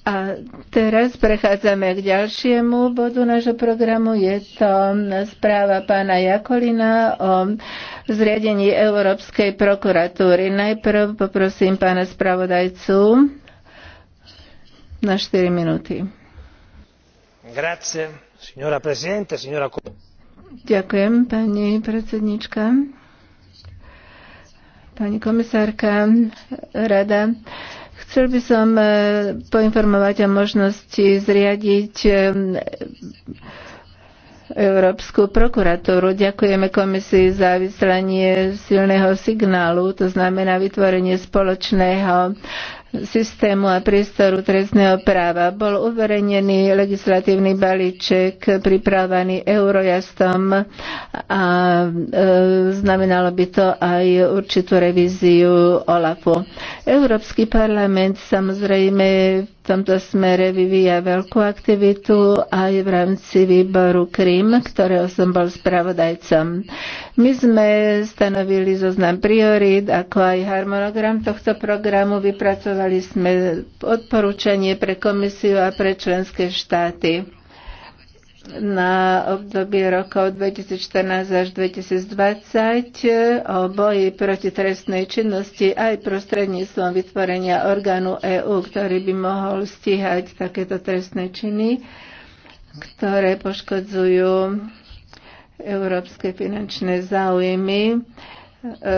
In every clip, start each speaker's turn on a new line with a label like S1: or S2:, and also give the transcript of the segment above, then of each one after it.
S1: A teraz prechádzame k ďalšiemu bodu nášho programu. Je to správa pána Jakolina o zriadení Európskej prokuratúry. Najprv poprosím pána spravodajcu na 4 minúty.
S2: Grazie, signora presidente, signora...
S1: Ďakujem, pani predsednička. Pani komisárka, rada Chcel by som e, poinformovať o možnosti zriadiť e, Európsku prokuratúru. Ďakujeme komisii za vyslanie silného signálu, to znamená vytvorenie spoločného systému a priestoru trestného práva. Bol uverejnený legislatívny balíček pripravený Eurojastom a e, znamenalo by to aj určitú revíziu OLAFu. Európsky parlament samozrejme tomto smere vyvíja veľkú aktivitu aj v rámci výboru KRIM, ktorého som bol spravodajcom. My sme stanovili zoznam priorít, ako aj harmonogram tohto programu. Vypracovali sme odporúčanie pre komisiu a pre členské štáty na obdobie rokov 2014 až 2020 o boji proti trestnej činnosti aj prostredníctvom vytvorenia orgánu EÚ, ktorý by mohol stíhať takéto trestné činy, ktoré poškodzujú európske finančné záujmy. E, e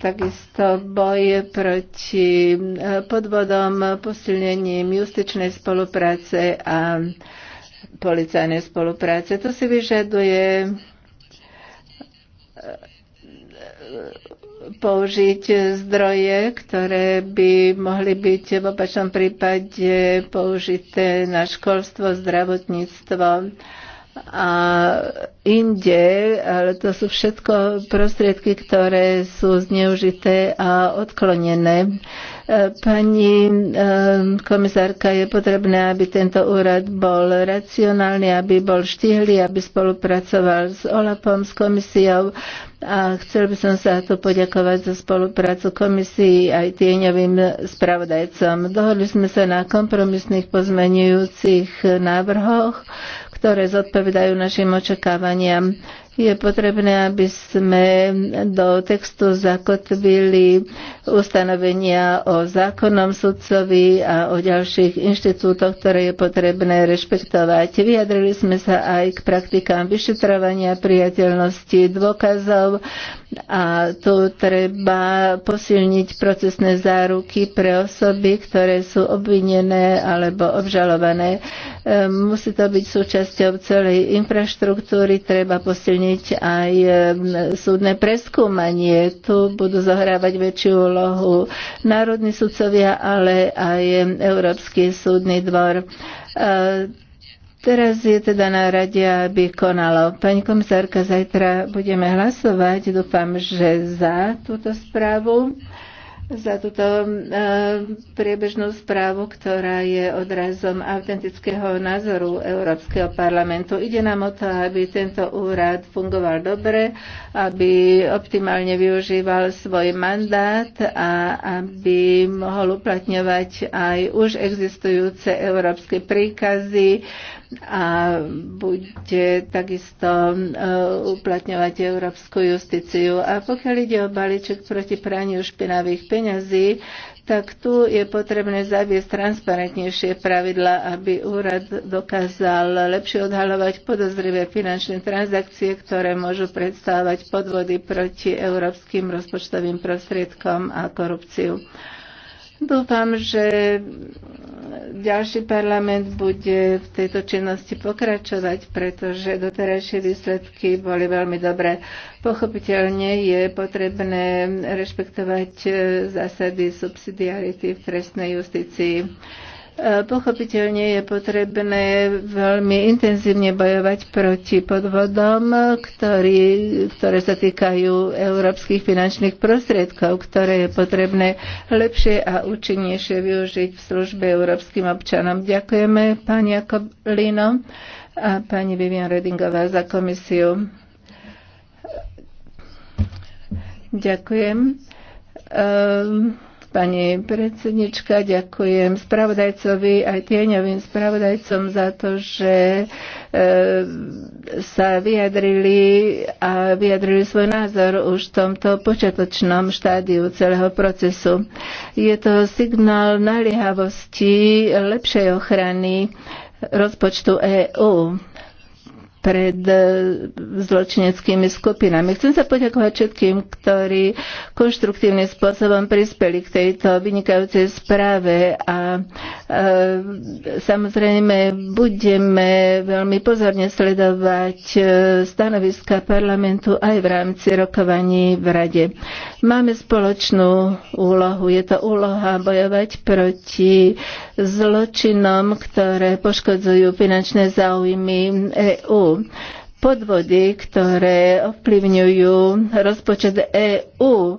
S1: takisto boj proti e, podvodom, posilnením justičnej spolupráce a policajnej spolupráce. To si vyžaduje eh, použiť zdroje, ktoré by mohli byť v opačnom prípade použité na školstvo, zdravotníctvo, a inde, ale to sú všetko prostriedky, ktoré sú zneužité a odklonené. E, pani e, komisárka, je potrebné, aby tento úrad bol racionálny, aby bol štihlý, aby spolupracoval s OLAPom, s komisiou a chcel by som sa tu poďakovať za spoluprácu komisii aj tieňovým spravodajcom. Dohodli sme sa na kompromisných pozmenujúcich návrhoch, ktoré zodpovedajú našim očakávaniam je potrebné, aby sme do textu zakotvili ustanovenia o zákonnom sudcovi a o ďalších inštitútoch, ktoré je potrebné rešpektovať. Vyjadrili sme sa aj k praktikám vyšetrovania priateľnosti dôkazov a tu treba posilniť procesné záruky pre osoby, ktoré sú obvinené alebo obžalované. Musí to byť súčasťou celej infraštruktúry, treba posilniť ovplyvniť aj e, súdne preskúmanie. Tu budú zohrávať väčšiu úlohu národní sudcovia, ale aj Európsky súdny dvor. E, teraz je teda na rade, aby konalo. Pani komisárka, zajtra budeme hlasovať. Dúfam, že za túto správu za túto e, priebežnú správu, ktorá je odrazom autentického názoru Európskeho parlamentu. Ide nám o to, aby tento úrad fungoval dobre, aby optimálne využíval svoj mandát a aby mohol uplatňovať aj už existujúce európske príkazy, a bude takisto e, uplatňovať európsku justíciu. A pokiaľ ide o balíček proti praniu špinavých peňazí, tak tu je potrebné zaviesť transparentnejšie pravidla, aby úrad dokázal lepšie odhalovať podozrivé finančné transakcie, ktoré môžu predstávať podvody proti európskym rozpočtovým prostriedkom a korupciu. Dúfam, že ďalší parlament bude v tejto činnosti pokračovať, pretože doterajšie výsledky boli veľmi dobré. Pochopiteľne je potrebné rešpektovať eh, zásady subsidiarity v trestnej justícii. E, pochopiteľne je potrebné veľmi intenzívne bojovať proti podvodom, ktorý, ktoré sa týkajú európskych finančných prostriedkov, ktoré je potrebné lepšie a účinnejšie využiť v službe európskym občanom. Ďakujeme pani Jakoblino a pani Vivian Redingová za komisiu. Ďakujem. Um, Pani predsednička, ďakujem spravodajcovi aj tieňovým spravodajcom za to, že e, sa vyjadrili a vyjadrili svoj názor už v tomto počiatočnom štádiu celého procesu. Je to signál naliehavosti lepšej ochrany rozpočtu EÚ pred e, zločineckými skupinami. Chcem sa poďakovať všetkým, ktorí konštruktívnym spôsobom prispeli k tejto vynikajúcej správe a e, samozrejme budeme veľmi pozorne sledovať e, stanoviska parlamentu aj v rámci rokovaní v Rade. Máme spoločnú úlohu. Je to úloha bojovať proti zločinom, ktoré poškodzujú finančné záujmy EÚ podvody, ktoré ovplyvňujú rozpočet EÚ, e,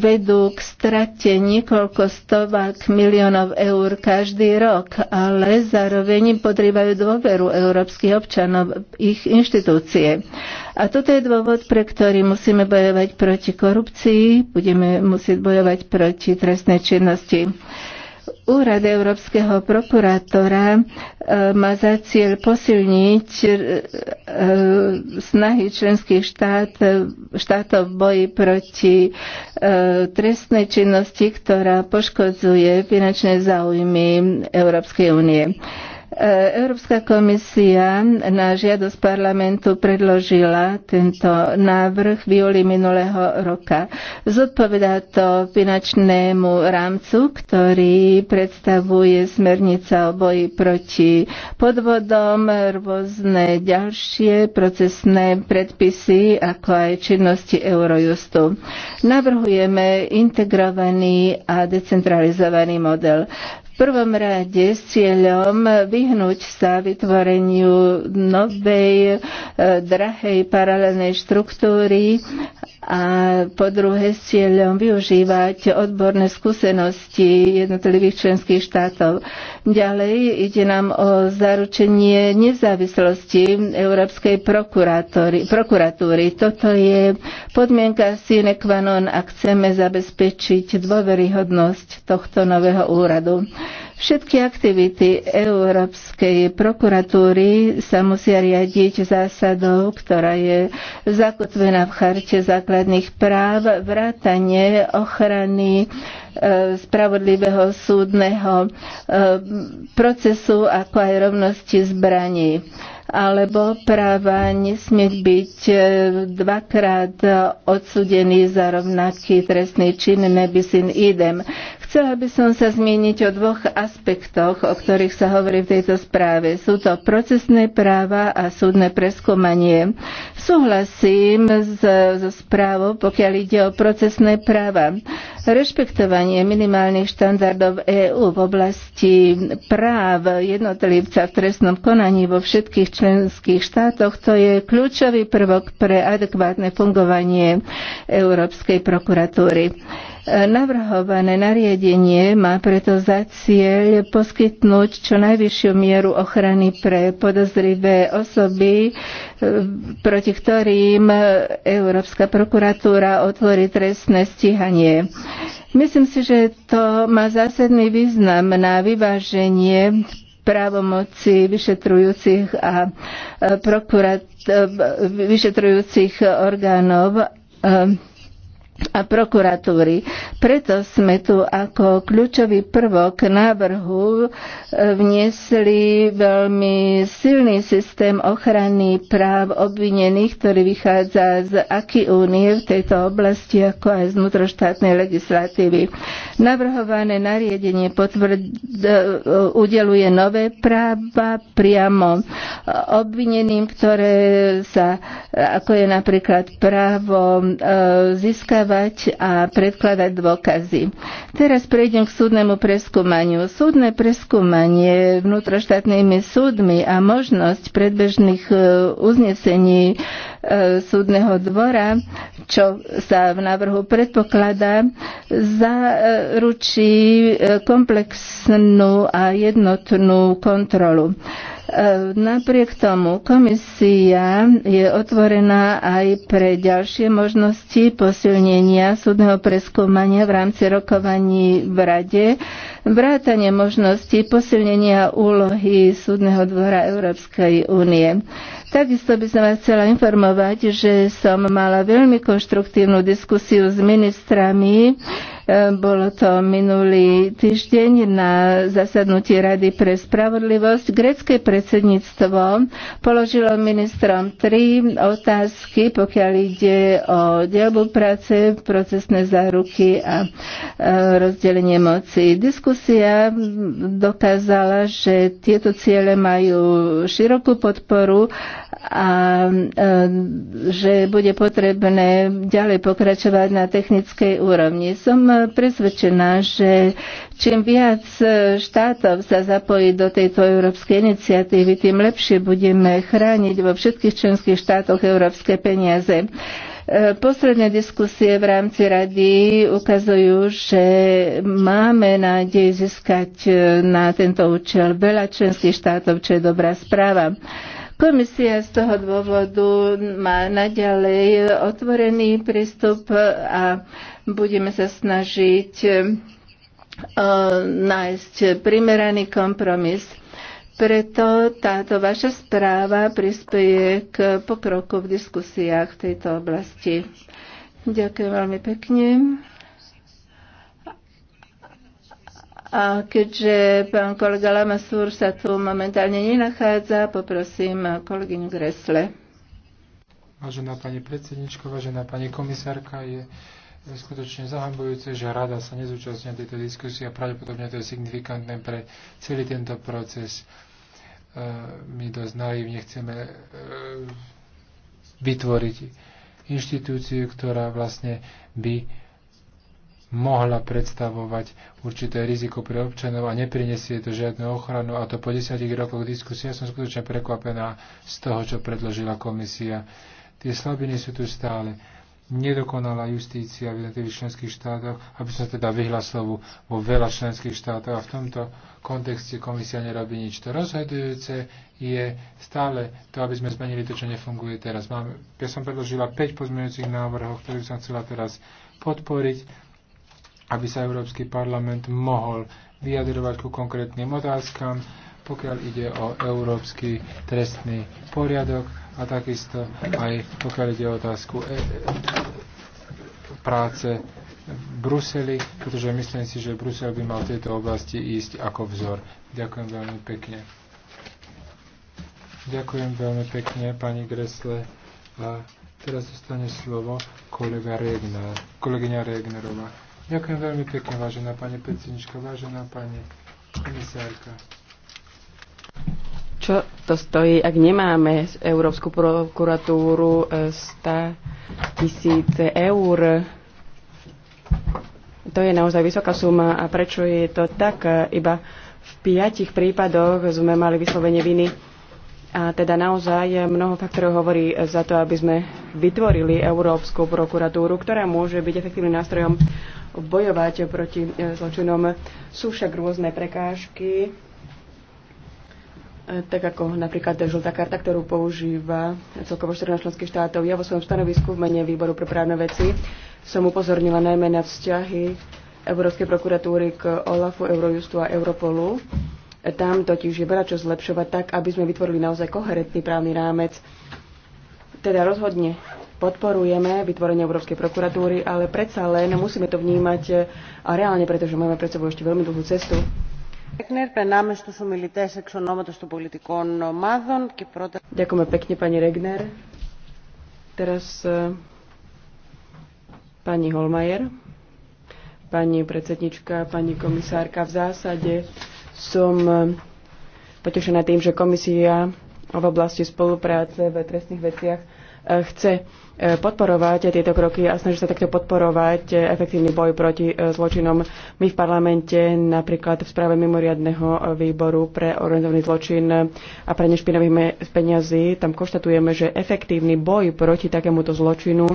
S1: vedú k strate niekoľko stovák miliónov eur každý rok, ale zároveň podrývajú dôveru európskych občanov ich inštitúcie. A toto je dôvod, pre ktorý musíme bojovať proti korupcii, budeme musieť bojovať proti trestnej činnosti. Úrad Európskeho prokurátora e, má za cieľ posilniť e, e, snahy členských štát, štátov v boji proti trestnej činnosti, ktorá poškodzuje finančné záujmy Európskej únie. E, Európska komisia na žiadosť parlamentu predložila tento návrh v júli minulého roka. Zodpovedá to finančnému rámcu, ktorý predstavuje smernica o boji proti podvodom, rôzne ďalšie procesné predpisy, ako aj činnosti Eurojustu. Navrhujeme integrovaný a decentralizovaný model prvom rade s cieľom vyhnúť sa vytvoreniu novej, e, drahej paralelnej štruktúry a po druhé s cieľom využívať odborné skúsenosti jednotlivých členských štátov. Ďalej ide nám o zaručenie nezávislosti Európskej prokuratúry. Toto je podmienka sine qua non, ak chceme zabezpečiť dôveryhodnosť tohto nového úradu. Všetky aktivity Európskej prokuratúry sa musia riadiť zásadou, ktorá je zakotvená v charte základných práv, vrátanie ochrany e, spravodlivého súdneho e, procesu, ako aj rovnosti zbraní alebo práva nesmieť byť e, dvakrát odsudený za rovnaký trestný čin nebis in idem. Chcela by som sa zmieniť o dvoch aspektoch, o ktorých sa hovorí v tejto správe. Sú to procesné práva a súdne preskúmanie. Súhlasím s, so správou, pokiaľ ide o procesné práva. Rešpektovanie minimálnych štandardov EÚ v oblasti práv jednotlivca v trestnom konaní vo všetkých členských štátoch to je kľúčový prvok pre adekvátne fungovanie Európskej prokuratúry. Navrhované nariadenie má preto za cieľ poskytnúť čo najvyššiu mieru ochrany pre podozrivé osoby, e, proti ktorým Európska prokuratúra otvorí trestné stíhanie. Myslím si, že to má zásadný význam na vyváženie právomoci vyšetrujúcich a e, prokurat, e, vyšetrujúcich orgánov a prokuratúry. Preto sme tu ako kľúčový prvok návrhu e, vniesli veľmi silný systém ochrany práv obvinených, ktorý vychádza z aký únie v tejto oblasti, ako aj z vnútroštátnej legislatívy. Navrhované nariadenie potvrd, e, udeluje nové práva priamo obvineným, ktoré sa, ako je napríklad právo e, získať podávať a predkladať dôkazy. Teraz prejdem k súdnemu preskúmaniu. Súdne preskúmanie vnútroštátnymi súdmi a možnosť predbežných e, uznesení e, súdneho dvora, čo sa v návrhu predpokladá, zaručí e, komplexnú a jednotnú kontrolu. E, napriek tomu komisia je otvorená aj pre ďalšie možnosti posilnenia súdneho preskúmania v rámci rokovaní v Rade, vrátanie možnosti posilnenia úlohy Súdneho dvora Európskej únie. Takisto by som vás chcela informovať, že som mala veľmi konštruktívnu diskusiu s ministrami. E, bolo to minulý týždeň na zasadnutí Rady pre spravodlivosť. Grecké predsedníctvo položilo ministrom tri otázky, pokiaľ ide o dielbu práce, procesné záruky a e, rozdelenie moci. Diskusia dokázala, že tieto ciele majú širokú podporu a že bude potrebné ďalej pokračovať na technickej úrovni. Som presvedčená, že čím viac štátov sa zapojí do tejto európskej iniciatívy, tým lepšie budeme chrániť vo všetkých členských štátoch európske peniaze. E, posledné diskusie v rámci rady ukazujú, že máme nádej získať e, na tento účel veľa členských štátov, čo je dobrá správa. Komisia z toho dôvodu má naďalej otvorený prístup a budeme sa snažiť e, nájsť primeraný kompromis. Preto táto vaša správa prispieje k pokroku v diskusiách v tejto oblasti. Ďakujem veľmi pekne. A keďže pán kolega Lamasúr sa tu momentálne nenachádza, poprosím kolegyňu Gresle.
S3: Vážená pani predsedničko, vážená pani komisárka, je skutočne zahambujúce, že rada sa nezúčastňuje tejto diskusie a pravdepodobne to je signifikantné pre celý tento proces. E, my dosť naivne chceme e, vytvoriť inštitúciu, ktorá vlastne by mohla predstavovať určité riziko pre občanov a neprinesie to žiadnu ochranu. A to po desiatich rokoch diskusie som skutočne prekvapená z toho, čo predložila komisia. Tie slabiny sú tu stále. Nedokonala justícia v jednotlivých členských štátoch, aby som teda vyhla slovu vo veľa členských štátoch a v tomto kontexte komisia nerobí nič. To rozhodujúce je stále to, aby sme zmenili to, čo nefunguje teraz. Mám, ja som predložila 5 pozmeňujúcich návrhov, ktorých som chcela teraz podporiť aby sa Európsky parlament mohol vyjadrovať ku konkrétnym otázkam, pokiaľ ide o európsky trestný poriadok a takisto aj pokiaľ ide o otázku e, e- práce v Bruseli, pretože myslím si, že Brusel by mal v tejto oblasti ísť ako vzor. Ďakujem veľmi pekne. Ďakujem veľmi pekne, pani Gresle. A teraz dostane slovo kolega Regner, kolegyňa Regnerová. Ďakujem veľmi pekne, vážená pani predsednička, vážená pani komisárka.
S4: Čo to stojí, ak nemáme Európsku prokuratúru 100 e, tisíce eur? To je naozaj vysoká suma a prečo je to tak? E, iba v piatich prípadoch sme mali vyslovene viny. A teda naozaj mnoho faktorov hovorí za to, aby sme vytvorili Európsku prokuratúru, ktorá môže byť efektívnym nástrojom bojovať proti e, zločinom. Sú však rôzne prekážky, e, tak ako napríklad žltá karta, ktorú používa celkovo 14 členských štátov. Ja vo svojom stanovisku v mene výboru pre právne veci som upozornila najmä na vzťahy Európskej prokuratúry k OLAFu, Eurojustu a Europolu. Tam totiž je veľa čo zlepšovať tak, aby sme vytvorili naozaj koherentný právny rámec. Teda rozhodne podporujeme vytvorenie Európskej prokuratúry, ale predsa len musíme to vnímať e, a reálne, pretože máme pred sebou ešte veľmi dlhú cestu. Ďakujeme pekne, pani Regner. Teraz e, pani Holmajer, pani predsednička, pani komisárka. V zásade som e, potešená tým, že komisia v oblasti spolupráce v trestných veciach chce e, podporovať tieto kroky a snaží sa takto podporovať e, efektívny boj proti e, zločinom. My v parlamente napríklad v správe mimoriadného výboru pre organizovaný zločin a pre nešpinavých peňazí tam konštatujeme, že efektívny boj proti takémuto zločinu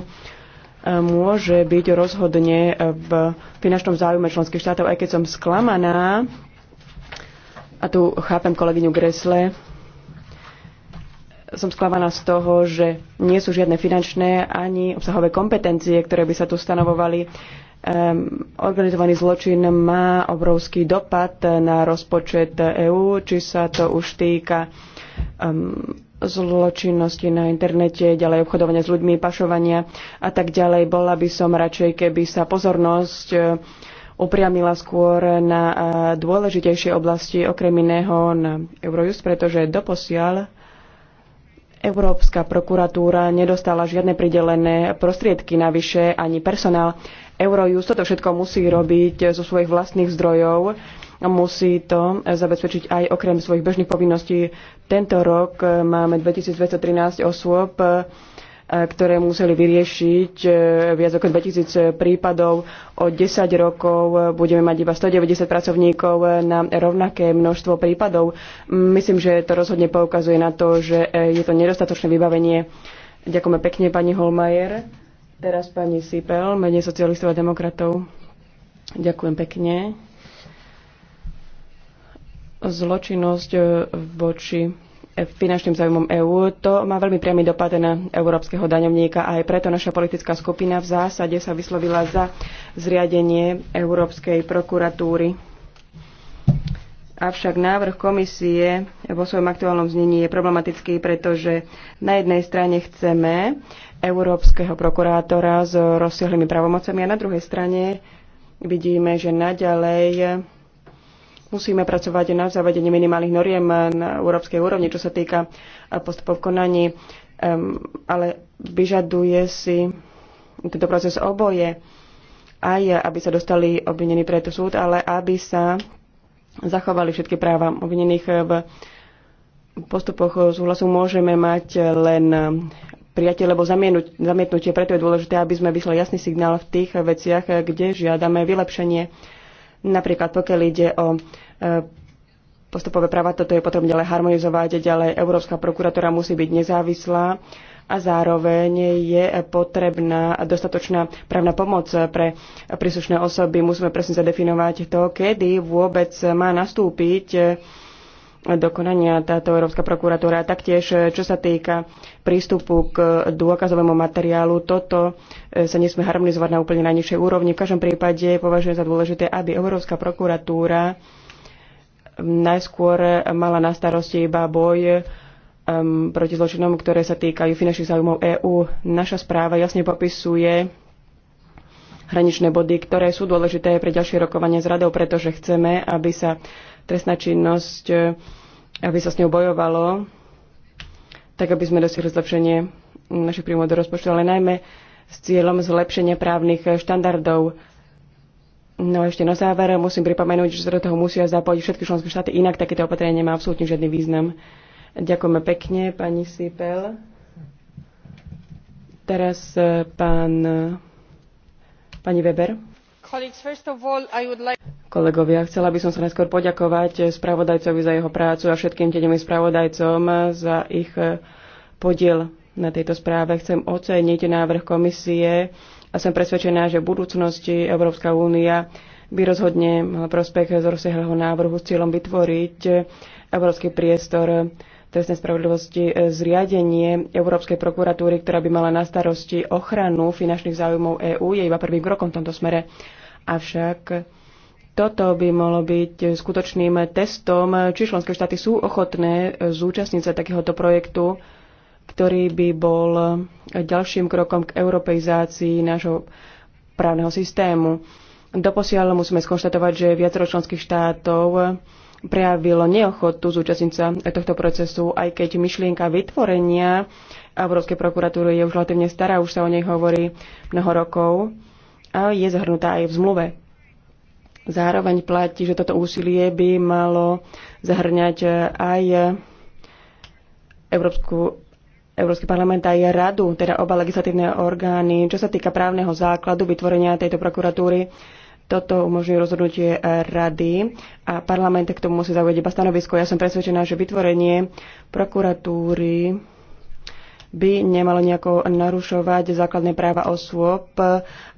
S4: môže byť rozhodne v finančnom záujme členských štátov, aj keď som sklamaná, a tu chápem kolegyňu Gresle, som sklamaná z toho, že nie sú žiadne finančné ani obsahové kompetencie, ktoré by sa tu stanovovali. Um, organizovaný zločin má obrovský dopad na rozpočet EÚ, či sa to už týka um, zločinnosti na internete, ďalej obchodovania s ľuďmi, pašovania a tak ďalej. Bola by som radšej, keby sa pozornosť e, upriamila skôr na e, dôležitejšie oblasti, okrem iného na Eurojust, pretože doposiaľ Európska prokuratúra nedostala žiadne pridelené prostriedky navyše ani personál. Eurojust toto všetko musí robiť zo svojich vlastných zdrojov. Musí to zabezpečiť aj okrem svojich bežných povinností. Tento rok máme 2213 osôb, ktoré museli vyriešiť e, viac ako 2000 prípadov. O 10 rokov budeme mať iba 190 pracovníkov na rovnaké množstvo prípadov. Myslím, že to rozhodne poukazuje na to, že e, je to nedostatočné vybavenie. Ďakujeme pekne pani Holmajer. Teraz pani Sipel, mene socialistov a demokratov. Ďakujem pekne. Zločinnosť e, voči finančným záujmom EÚ. To má veľmi priamy dopad na európskeho daňovníka a aj preto naša politická skupina v zásade sa vyslovila za zriadenie Európskej prokuratúry. Avšak návrh komisie vo svojom aktuálnom znení je problematický, pretože na jednej strane chceme európskeho prokurátora s rozsiahlymi pravomocami a na druhej strane vidíme, že naďalej Musíme pracovať na zavedení minimálnych noriem na európskej úrovni, čo sa týka e, postupov konaní, ale vyžaduje si tento proces oboje, aj aby sa dostali obvinení pred súd, ale aby sa zachovali všetky práva obvinených v postupoch súhlasu môžeme mať len prijatie alebo zamietnutie. Preto je dôležité, aby sme vyslali jasný signál v tých veciach, kde žiadame vylepšenie. Napríklad pokiaľ ide o e, postupové práva, toto je potrebné ďalej harmonizovať, ďalej Európska prokuratúra musí byť nezávislá a zároveň je potrebná dostatočná právna pomoc pre príslušné osoby. Musíme presne zadefinovať to, kedy vôbec má nastúpiť dokonania táto Európska prokuratúra. Taktiež, eh, čo sa týka prístupu k dôkazovému materiálu, toto eh, sa nesme harmonizovať na úplne najnižšej úrovni. V každom prípade považujem za dôležité, aby Európska prokuratúra najskôr eh, mala na starosti iba boj um, proti zločinom, ktoré sa týkajú finančných záujmov EÚ. Naša správa jasne popisuje hraničné body, ktoré sú dôležité pre ďalšie rokovanie s radou, pretože chceme, aby sa trestná činnosť, e, aby sa s ňou bojovalo, tak aby sme dosiahli zlepšenie našich príjmov do rozpočtu, ale najmä s cieľom zlepšenia právnych štandardov. No a ešte na záver musím pripomenúť, že sa do toho musia zapojiť všetky členské štáty, inak takéto opatrenie nemá absolútne žiadny význam. Ďakujeme pekne, pani Sipel. Teraz e, pán, pani Weber.
S5: Kolegovia,
S4: chcela by som sa najskôr poďakovať spravodajcovi za jeho prácu a všetkým tedem spravodajcom za ich eh, podiel na tejto správe. Chcem oceniť návrh komisie a som presvedčená, že v budúcnosti Európska únia by rozhodne mala prospech z rozsiahleho návrhu s cieľom vytvoriť európsky priestor trestnej spravodlivosti eh, zriadenie Európskej prokuratúry, ktorá by mala na starosti ochranu finančných záujmov EÚ, je iba prvým krokom v tomto smere. Avšak toto by mohlo byť skutočným testom, či členské štáty sú ochotné zúčastniť sa takéhoto projektu, ktorý by bol ďalším krokom k europeizácii nášho právneho systému. Doposiaľ musíme skonštatovať, že viacero členských štátov prejavilo neochotu zúčastniť sa tohto procesu, aj keď myšlienka vytvorenia Európskej prokuratúry je už relatívne stará, už sa o nej hovorí mnoho rokov a je zahrnutá aj v zmluve. Zároveň platí, že toto úsilie by malo zahrňať aj Európsku, Európsky parlament aj radu, teda oba legislatívne orgány. Čo sa týka právneho základu vytvorenia tejto prokuratúry, toto umožňuje rozhodnutie rady a parlament k tomu musí zaujať iba stanovisko. Ja som presvedčená, že vytvorenie prokuratúry by nemalo nejako narušovať základné práva osôb,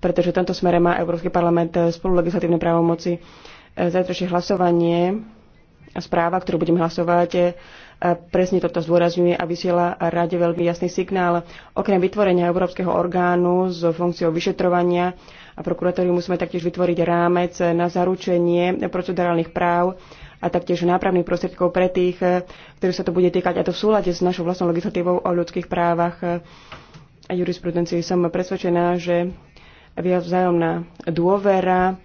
S4: pretože v tomto smere má Európsky parlament spolu legislatívne právomoci. Zajtrajšie hlasovanie a správa, ktorú budeme hlasovať, presne toto zdôrazňuje a vysiela rade veľmi jasný signál. Okrem vytvorenia Európskeho orgánu s funkciou vyšetrovania a prokuratóriu musíme taktiež vytvoriť rámec na zaručenie procedurálnych práv a taktiež nápravných prostriedkov pre tých, e, ktorých sa to bude týkať, a to v súlade s našou vlastnou legislatívou o ľudských právach e, a jurisprudencii. Som presvedčená, že viac vzájomná dôvera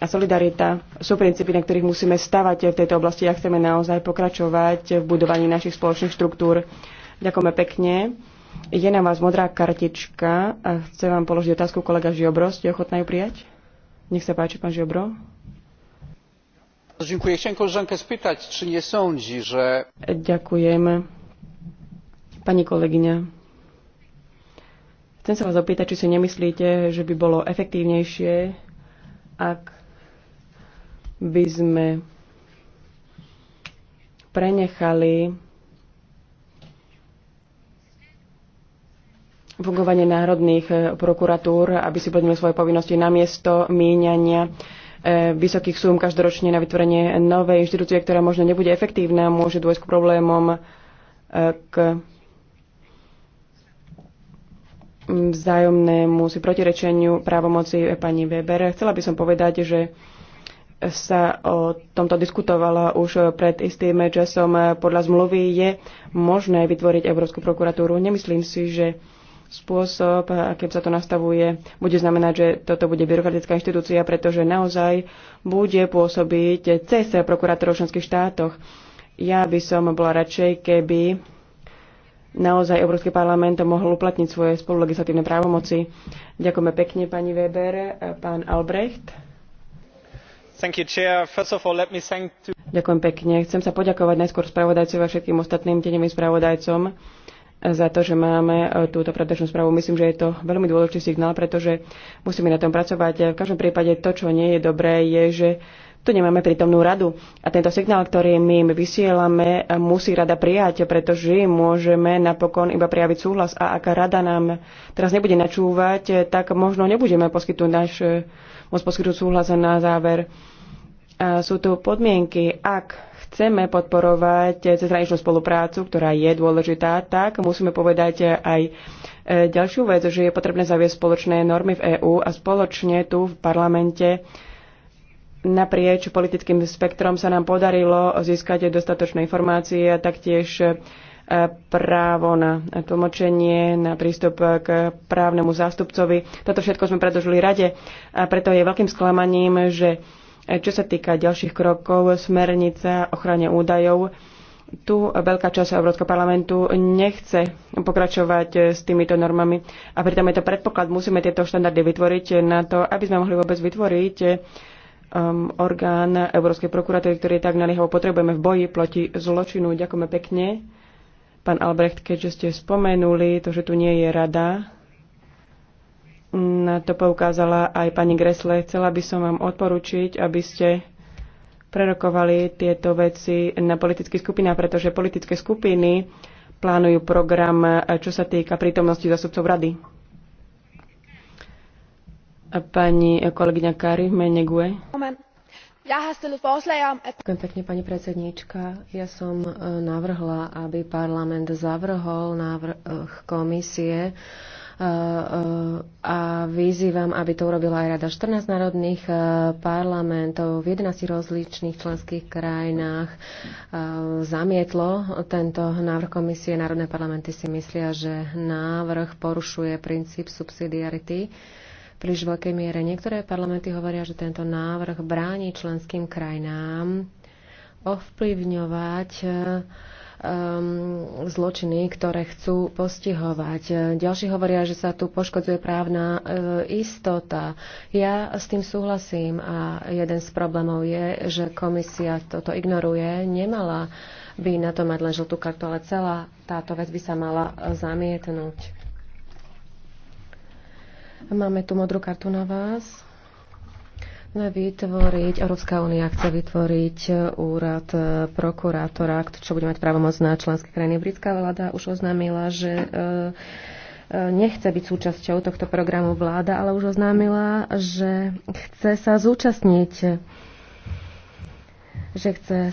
S4: a solidarita sú princípy, na ktorých musíme stavať v tejto oblasti a chceme naozaj pokračovať v budovaní našich spoločných štruktúr. Ďakujeme pekne. Je na vás modrá kartička a chce vám položiť otázku kolega Žiobro. Ste ochotná ju prijať? Nech sa páči, pán Žiobro.
S1: Ďakujem. koleżankę
S4: Pani kolegyňa, chcem sa vás opýtať, či si nemyslíte, že by bolo efektívnejšie, ak by sme prenechali fungovanie národných prokuratúr, aby si plnili svoje povinnosti namiesto míňania E, vysokých súm každoročne na vytvorenie novej inštitúcie, ktorá možno nebude efektívna, môže dôjsť k problémom e, k vzájomnému si protirečeniu právomoci pani Weber. Chcela by som povedať, že sa o tomto diskutovala už pred istým časom. Podľa zmluvy je možné vytvoriť Európsku prokuratúru. Nemyslím si, že spôsob, akým sa to nastavuje, bude znamenať, že toto bude byrokratická inštitúcia, pretože naozaj bude pôsobiť cez prokurátorov v členských štátoch. Ja by som bola radšej, keby naozaj Európsky parlament mohol uplatniť svoje spolulegislatívne právomoci. Ďakujeme pekne, pani Weber, pán Albrecht.
S1: You, all, to...
S4: Ďakujem pekne. Chcem sa poďakovať najskôr spravodajcovi a všetkým ostatným tenevým spravodajcom za to, že máme e, túto predbežnú správu. Myslím, že je to veľmi dôležitý signál, pretože musíme na tom pracovať. E, v každom prípade to, čo nie je dobré, je, že tu nemáme prítomnú radu. A tento signál, ktorý my im vysielame, e, musí rada prijať, pretože môžeme napokon iba prijaviť súhlas. A ak rada nám teraz nebude načúvať, tak možno nebudeme poskytnúť náš, môcť poskytnúť súhlas na záver. A sú tu podmienky, ak chceme podporovať cezhraničnú spoluprácu, ktorá je dôležitá, tak musíme povedať aj e, ďalšiu vec, že je potrebné zaviesť spoločné normy v EÚ a spoločne tu v parlamente naprieč politickým spektrom sa nám podarilo získať dostatočné informácie a taktiež e, právo na tlmočenie, na prístup k právnemu zástupcovi. Toto všetko sme predložili rade a preto je veľkým sklamaním, že čo sa týka ďalších krokov, smernica ochrane údajov, tu veľká časť Európskeho parlamentu nechce pokračovať s týmito normami a pritom je to predpoklad, musíme tieto štandardy vytvoriť na to, aby sme mohli vôbec vytvoriť um, orgán Európskej prokuratúry, ktorý tak naliehavo potrebujeme v boji proti zločinu. Ďakujeme pekne. Pán Albrecht, keďže ste spomenuli to, že tu nie je rada, na to poukázala aj pani Gresle. Chcela by som vám odporučiť, aby ste prerokovali tieto veci na politických skupinách, pretože politické skupiny plánujú program, čo sa týka prítomnosti zastupcov rady. Pani kolegyňa Kari v mene GUE.
S2: Kontaktne, pani predsedníčka. Ja som e, navrhla, aby parlament zavrhol návrh e, komisie, a vyzývam, aby to urobila aj Rada 14 národných e, parlamentov v 11 rozličných členských krajinách. E, zamietlo tento návrh komisie. Národné parlamenty si myslia, že návrh porušuje princíp subsidiarity príliš veľkej miere. Niektoré parlamenty hovoria, že tento návrh bráni členským krajinám ovplyvňovať e, um, zločiny, ktoré chcú postihovať. Ďalší hovoria, že sa tu poškodzuje právna uh, istota. Ja s tým súhlasím a jeden z problémov je, že komisia toto ignoruje. Nemala by na to mať len žltú kartu, ale celá táto vec by sa mala zamietnúť. Máme tu modrú kartu na vás vytvoriť, Európska únia chce vytvoriť e, úrad e, prokurátora, čo bude mať právomoc na členské krajiny. Britská vláda už oznámila, že e, nechce byť súčasťou tohto programu vláda, ale už oznámila, že chce sa zúčastniť že chce e,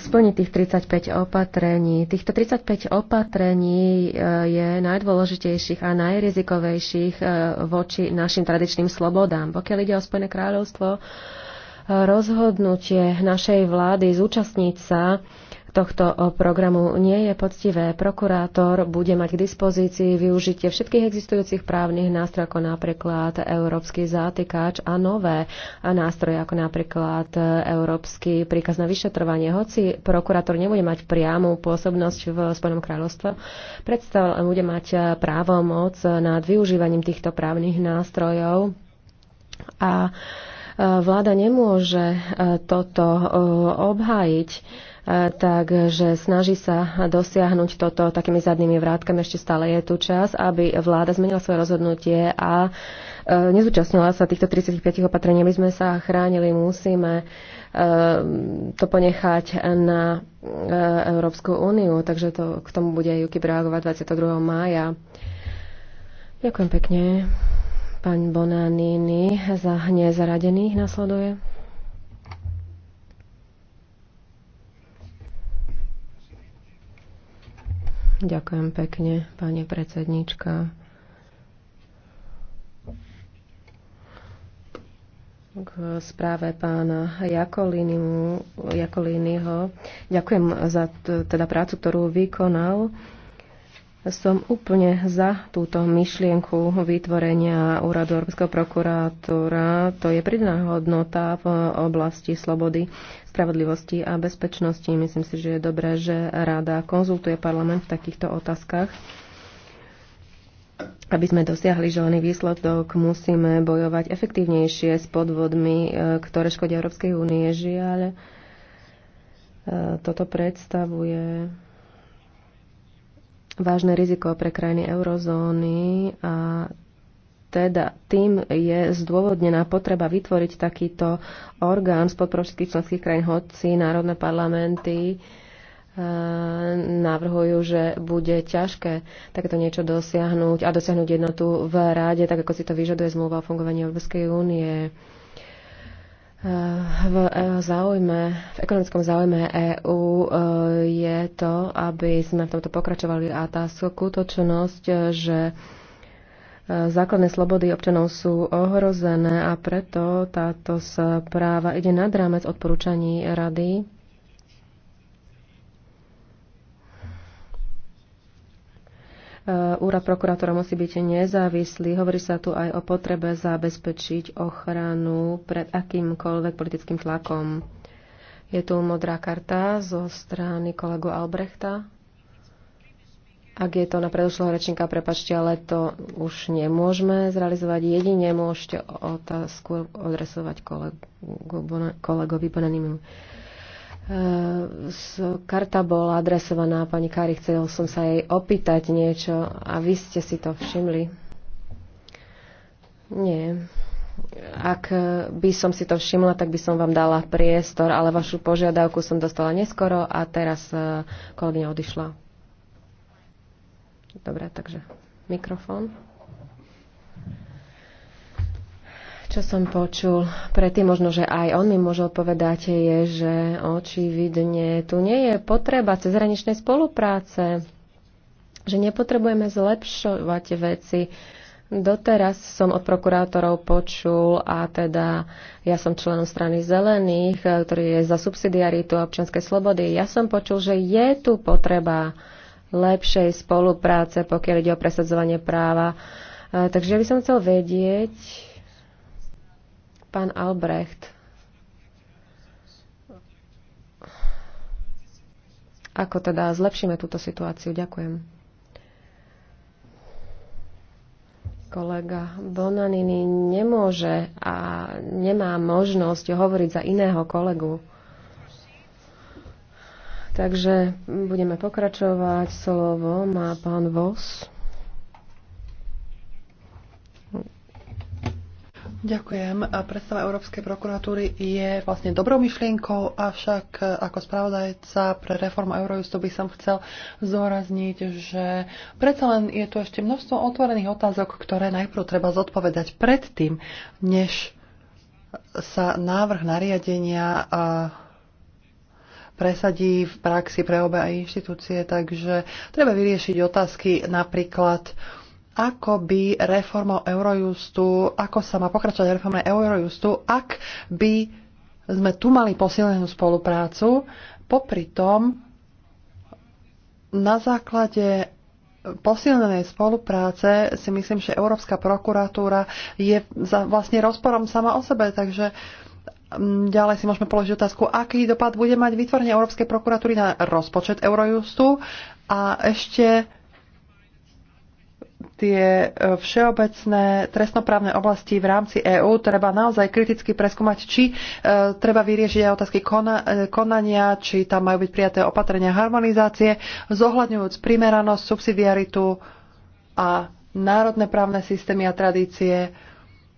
S2: splniť tých 35 opatrení. Týchto 35 opatrení e, je najdôležitejších a najrizikovejších e, voči našim tradičným slobodám. Pokiaľ ide o Spojené kráľovstvo, rozhodnutie našej vlády zúčastniť sa tohto programu nie je poctivé. Prokurátor bude mať k dispozícii využitie všetkých existujúcich právnych nástrojov, ako napríklad Európsky zátykač a nové nástroje, ako napríklad e, Európsky príkaz na vyšetrovanie. Hoci prokurátor nebude mať priamu pôsobnosť v Spojenom kráľovstve, predstav e, bude mať e, právomoc nad využívaním týchto právnych nástrojov a vláda nemôže toto obhájiť takže snaží sa dosiahnuť toto takými zadnými vrátkami. Ešte stále je tu čas, aby vláda zmenila svoje rozhodnutie a e, nezúčastnila sa týchto 35 opatrení, aby sme sa chránili. Musíme e, to ponechať na e, Európsku úniu, takže to, k tomu bude UKIP reagovať 22. mája. Ďakujem pekne. Pán Bonanini za nezaradených nasleduje. Ďakujem pekne, pani predsednička. k správe pána Jakolínyho. Ďakujem za teda prácu, ktorú vykonal. Som úplne za túto myšlienku vytvorenia úradu Európskeho prokurátora. To je pridná hodnota v oblasti slobody, spravodlivosti a bezpečnosti. Myslím si, že je dobré, že rada konzultuje parlament v takýchto otázkach. Aby sme dosiahli želený výsledok, musíme bojovať efektívnejšie s podvodmi, e, ktoré škodia Európskej únie. Žiaľ, e, toto predstavuje vážne riziko pre krajiny eurozóny a teda tým je zdôvodnená potreba vytvoriť takýto orgán z podporu členských krajín, hoci národné parlamenty e, navrhujú, že bude ťažké takéto niečo dosiahnuť a dosiahnuť jednotu v ráde, tak ako si to vyžaduje zmluva o fungovaní Európskej únie v eh, záujme, v ekonomickom záujme EÚ eh, je to, aby sme v tomto pokračovali a tá skutočnosť, eh, že základné slobody občanov sú ohrozené a preto táto správa ide nad rámec odporúčaní rady Eh, úrad prokurátora musí byť nezávislý. Hovorí sa tu aj o potrebe zabezpečiť ochranu pred akýmkoľvek politickým tlakom. Je tu modrá karta zo strany kolegu Albrechta. Ak je to na predošlého rečníka, prepačte, ale to už nemôžeme zrealizovať. Jedine môžete otázku adresovať kolegu, kolegovi Bonanimu. Karta bola adresovaná pani Kári, chcel som sa jej opýtať niečo a vy ste si to všimli. Nie. Ak by som si to všimla, tak by som vám dala priestor, ale vašu požiadavku som dostala neskoro a teraz e, kolegyňa odišla. Dobre, takže mikrofón. Čo som počul predtým, možno, že aj on mi môže odpovedať, je, že očividne tu nie je potreba cezhraničnej spolupráce, že nepotrebujeme zlepšovať veci. Doteraz som od prokurátorov počul a teda ja som členom strany zelených, ktorý je za subsidiaritu a občianskej slobody. Ja som počul, že je tu potreba lepšej spolupráce, pokiaľ ide o presadzovanie práva. E, takže by som chcel vedieť, Pán Albrecht, ako teda zlepšíme túto situáciu? Ďakujem. Kolega Bonanini nemôže a nemá možnosť hovoriť za iného kolegu. Takže budeme pokračovať. Slovo má pán Vos.
S5: Ďakujem. Predstava Európskej prokuratúry je vlastne dobrou myšlienkou, avšak e, ako spravodajca pre reformu Eurojustu by som chcel zdôrazniť, že predsa len je tu ešte množstvo otvorených otázok, ktoré najprv treba zodpovedať predtým, než sa návrh nariadenia e, presadí v praxi pre obe aj inštitúcie, takže treba vyriešiť otázky napríklad ako by reformou Eurojustu, ako sa má pokračovať reforme Eurojustu, ak by sme tu mali posilnenú spoluprácu, popri tom na základe posilnenej spolupráce si myslím, že Európska prokuratúra je za, vlastne rozporom sama o sebe, takže mm, Ďalej si môžeme položiť otázku, aký dopad bude mať vytvorenie Európskej prokuratúry na rozpočet Eurojustu a ešte tie e, všeobecné trestnoprávne oblasti v rámci EÚ treba naozaj kriticky preskúmať, či e, treba vyriešiť aj otázky e, konania, či tam majú byť prijaté opatrenia harmonizácie, zohľadňujúc primeranosť, subsidiaritu a národné právne systémy a tradície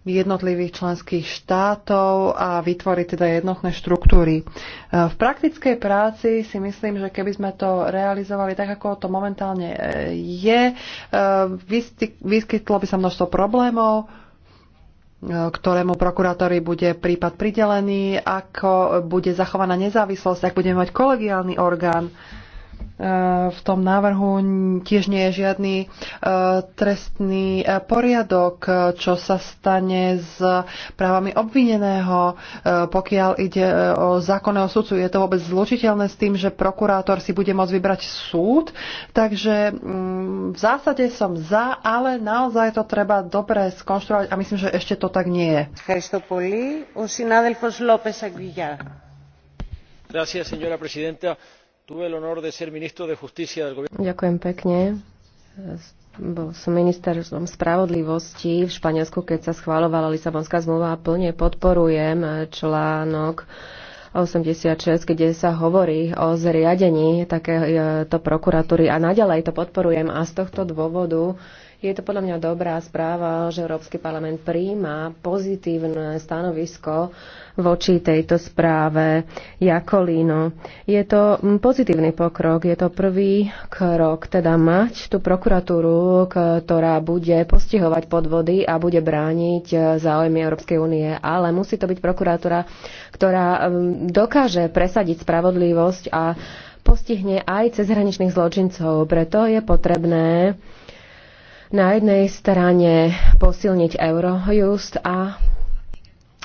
S5: jednotlivých členských štátov a vytvoriť teda jednotné štruktúry. E, v praktickej práci si myslím, že keby sme to realizovali tak, ako to momentálne e, je, e, vyskytlo by sa množstvo problémov, ktorému prokurátori bude prípad pridelený, ako bude zachovaná nezávislosť, ak budeme mať kolegiálny orgán, v tom návrhu tiež nie je žiadny e, trestný e, poriadok, e, čo sa stane s právami obvineného, pokiaľ ide o zákonného sudcu. Je to vôbec zlučiteľné s tým, že prokurátor si bude môcť vybrať súd. Takže mm, v zásade som za, ale naozaj to treba dobre skonštruovať a myslím, že ešte to tak nie je.
S4: Gracias, señora
S3: presidenta. Ďakujem
S2: pekne. Bol som ministerstvom spravodlivosti v Španielsku, keď sa schváľovala Lisabonská zmluva a plne podporujem článok 86, kde sa hovorí o zriadení takéto prokuratúry a naďalej to podporujem a z tohto dôvodu je to podľa mňa dobrá správa, že Európsky parlament príjma pozitívne stanovisko voči tejto správe Jakolino. Je to mm, pozitívny pokrok, je to prvý krok, teda mať tú prokuratúru, ktorá bude postihovať podvody a bude brániť e, záujmy Európskej únie, ale musí to byť prokuratúra, ktorá mm, dokáže presadiť spravodlivosť a postihne aj cezhraničných zločincov. Preto je potrebné na jednej strane posilniť Eurojust a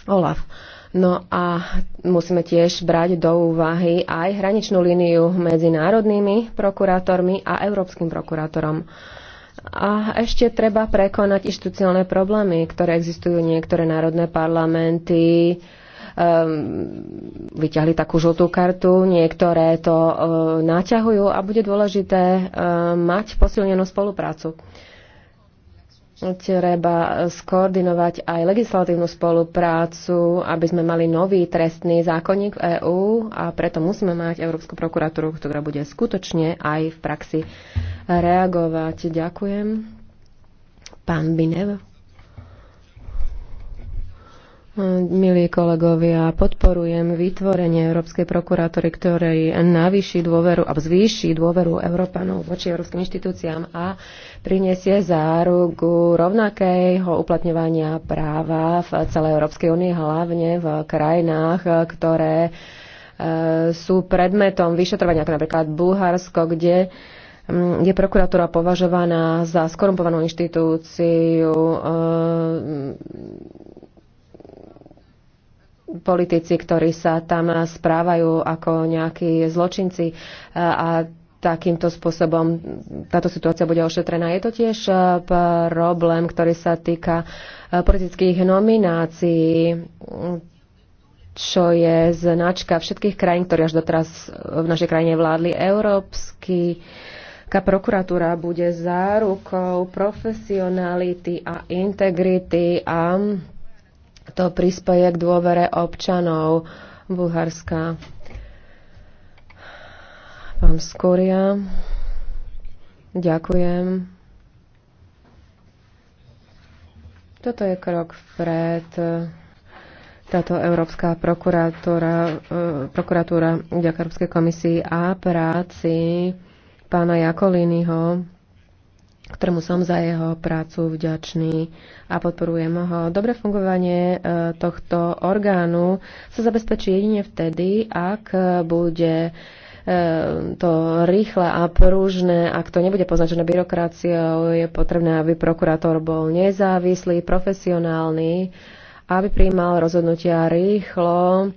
S2: OLAF. No a musíme tiež brať do úvahy aj hraničnú líniu medzi národnými prokurátormi a európskym prokurátorom. A ešte treba prekonať inštitucionálne problémy, ktoré existujú niektoré národné parlamenty, um, vyťahli takú žltú kartu, niektoré to uh, naťahujú a bude dôležité uh, mať posilnenú spoluprácu treba skoordinovať aj legislatívnu spoluprácu, aby sme mali nový trestný zákonník v EÚ a preto musíme mať Európsku prokuratúru, ktorá bude skutočne aj v praxi reagovať. Ďakujem. Pán Binev. Milí kolegovia, podporujem vytvorenie Európskej prokurátory, ktorej navýši dôveru a zvýši dôveru Európanov voči európskym inštitúciám a prinesie záruku rovnakého uplatňovania práva v celej Európskej únii, hlavne v krajinách, ktoré e, sú predmetom vyšetrovania, ako napríklad Bulharsko, kde je prokuratúra považovaná za skorumpovanú inštitúciu e, politici, ktorí sa tam správajú ako nejakí zločinci e, a takýmto spôsobom táto situácia bude ošetrená. Je to tiež e, problém, ktorý sa týka e, politických nominácií, čo je značka všetkých krajín, ktoré až doteraz v našej krajine vládli. Európsky prokuratúra bude zárukou profesionality a integrity a to prispieje k dôvere občanov Bulharska. Pán Skúria, ďakujem. Toto je krok vpred. Táto Európska prokuratúra, eh, prokuratúra Európskej komisii a práci pána Jakolínyho ktorému som za jeho prácu vďačný a podporujem ho. Dobre fungovanie e, tohto orgánu sa zabezpečí jedine vtedy, ak bude e, to rýchle a prúžne, ak to nebude poznačené byrokraciou, je potrebné, aby prokurátor bol nezávislý, profesionálny, aby prijímal rozhodnutia rýchlo,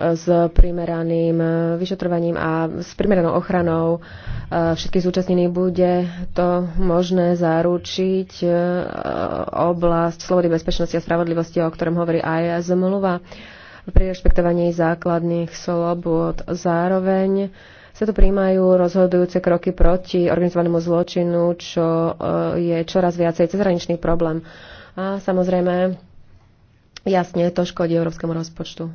S2: s primeraným e, vyšetrovaním a s primeranou ochranou e, všetkých zúčastnených bude to možné zaručiť e, oblasť slobody, bezpečnosti a spravodlivosti, o ktorom hovorí aj zmluva pri rešpektovaní základných slobod. Zároveň sa tu príjmajú rozhodujúce kroky proti organizovanému zločinu, čo je čoraz viacej cezhraničný problém. A samozrejme, jasne, to škodí európskemu rozpočtu.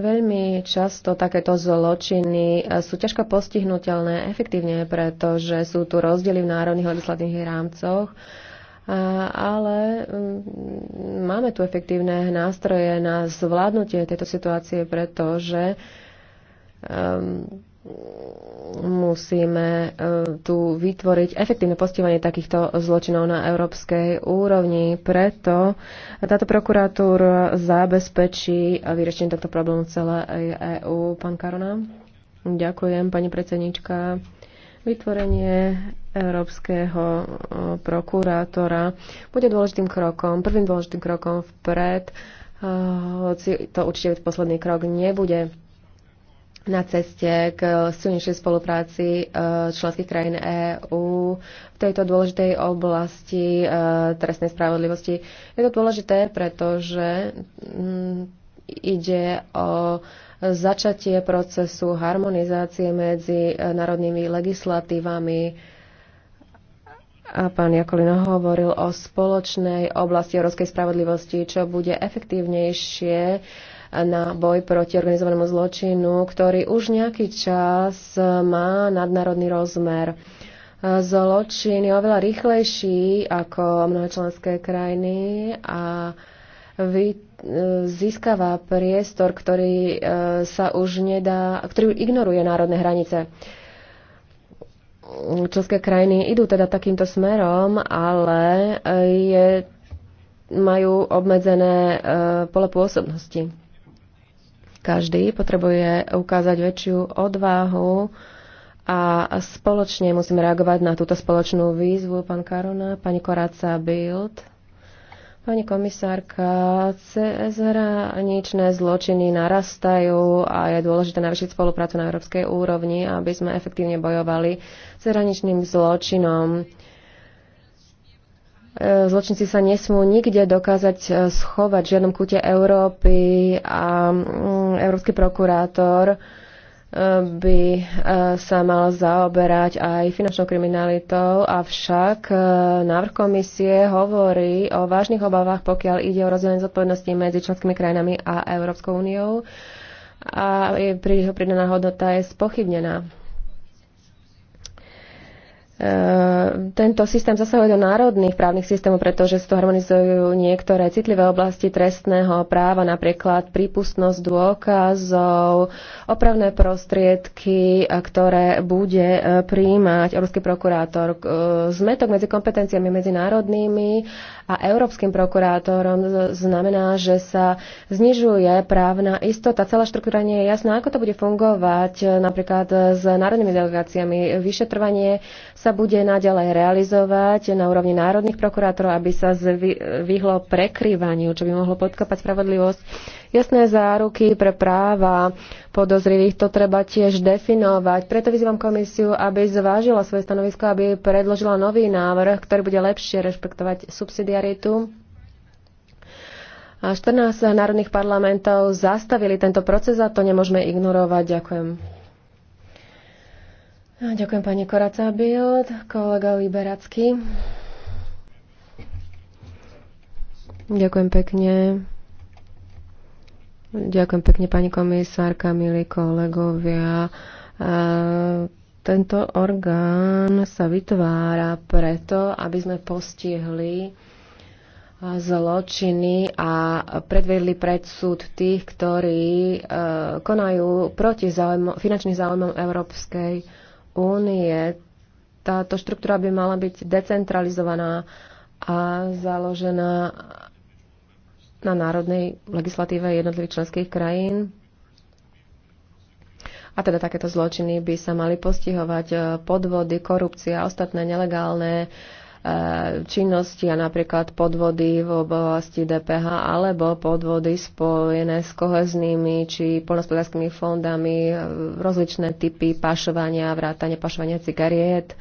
S2: Veľmi často takéto zločiny e, sú ťažko postihnutelné efektívne, pretože sú tu rozdiely v národných legislatívnych rámcoch, ale mm, máme tu efektívne nástroje na zvládnutie tejto situácie, pretože um, musíme e, tu vytvoriť efektívne postihovanie takýchto zločinov na európskej úrovni. Preto táto prokuratúra zabezpečí vyriešenie tohto problému celé EÚ. Pán Karona, ďakujem, pani predsednička. Vytvorenie európskeho e, prokurátora bude dôležitým krokom, prvým dôležitým krokom vpred, e, hoci to určite posledný krok nebude na ceste k silnejšej spolupráci e, členských krajín EÚ v tejto dôležitej oblasti e, trestnej spravodlivosti. Je to dôležité, pretože mm, ide o začatie procesu harmonizácie medzi e, národnými legislatívami a pán Jakolino hovoril o spoločnej oblasti európskej spravodlivosti, čo bude efektívnejšie na boj proti organizovanému zločinu, ktorý už nejaký čas má nadnárodný rozmer. Zločin je oveľa rýchlejší ako mnohé členské krajiny a vy, e, získava priestor, ktorý e, sa už nedá, ktorý ignoruje národné hranice. Členské krajiny idú teda takýmto smerom, ale e, je, majú obmedzené pole pôsobnosti. Každý potrebuje ukázať väčšiu odvahu a spoločne musíme reagovať na túto spoločnú výzvu. Pán Karona, pani Koráca Bild. Pani komisárka, cez hraničné zločiny narastajú a je dôležité navýšiť spoluprácu na európskej úrovni, aby sme efektívne bojovali s hraničným zločinom Zločinci sa nesmú nikde dokázať e, schovať v žiadnom kúte Európy a mm, Európsky prokurátor e, by e, sa mal zaoberať aj finančnou kriminalitou, avšak návrh komisie hovorí o vážnych obavách, pokiaľ ide o rozdelenie zodpovednosti medzi členskými krajinami a Európskou úniou a pridaná hodnota je spochybnená. Ehm, tento systém zasahuje do národných právnych systémov, pretože sa to harmonizujú niektoré citlivé oblasti trestného práva, napríklad prípustnosť dôkazov, opravné prostriedky, ktoré bude e, príjmať Európsky prokurátor. E, zmetok medzi kompetenciami medzinárodnými a európskym prokurátorom znamená, že sa znižuje právna istota. Celá štruktúra nie je jasná, ako to bude fungovať napríklad s národnými delegáciami. Vyšetrovanie sa bude naďalej realizovať na úrovni národných prokurátorov, aby sa vyhlo prekrývaniu, čo by mohlo podkopať spravodlivosť jasné záruky pre práva podozrivých. To treba tiež definovať. Preto vyzývam komisiu, aby zvážila svoje stanovisko, aby predložila nový návrh, ktorý bude lepšie rešpektovať subsidiaritu 14 národných parlamentov zastavili tento proces a to nemôžeme ignorovať. Ďakujem. Ďakujem pani Koraca Bild, kolega Liberacký. Ďakujem pekne. Ďakujem pekne, pani komisárka, milí kolegovia. E, tento orgán sa vytvára preto, aby sme postihli e, zločiny a predvedli pred súd tých, ktorí e, konajú proti záujmo, finančným záujmom Európskej únie. Táto štruktúra by mala byť decentralizovaná a založená na národnej legislatíve jednotlivých členských krajín. A teda takéto zločiny by sa mali postihovať e, podvody, korupcia a ostatné nelegálne e, činnosti a napríklad podvody v oblasti DPH alebo podvody spojené s koheznými či polnospodárskymi fondami, e, rozličné typy pašovania, vrátane pašovania cigariét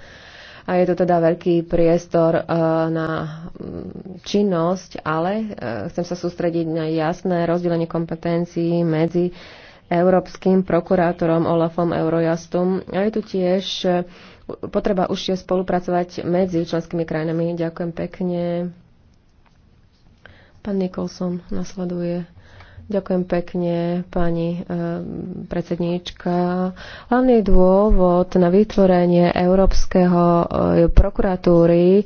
S2: a je to teda veľký priestor eh, na mm, činnosť, ale eh, chcem sa sústrediť na jasné rozdelenie kompetencií medzi európskym prokurátorom Olafom Eurojastom. A je tu tiež eh, potreba užšie spolupracovať medzi členskými krajinami. Ďakujem pekne. Pán Nikolson nasleduje. Ďakujem pekne, pani eh, predsedníčka. Hlavný dôvod na vytvorenie Európskeho eh, prokuratúry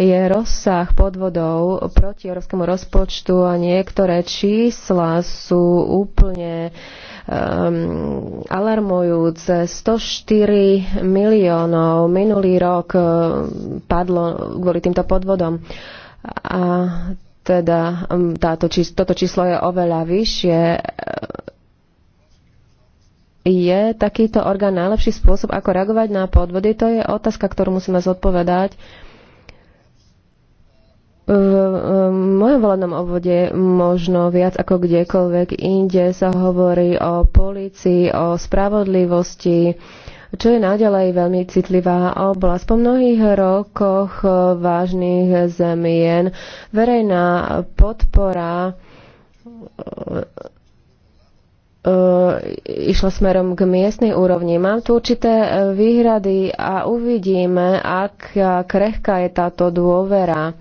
S2: je rozsah podvodov proti európskemu rozpočtu a niektoré čísla sú úplne um, alarmujúce. 104 miliónov minulý rok eh, padlo kvôli týmto podvodom. A teda um, táto, toto číslo je oveľa vyššie. Je takýto orgán najlepší spôsob, ako reagovať na podvody? To je otázka, ktorú musíme zodpovedať. V um, mojom volebnom obvode možno viac ako kdekoľvek inde sa hovorí o policii, o spravodlivosti, čo je naďalej veľmi citlivá oblasť. Po mnohých rokoch eh, vážnych zemien verejná podpora eh, eh, išla smerom k miestnej úrovni. Mám tu určité výhrady a uvidíme, aká krehká je táto dôvera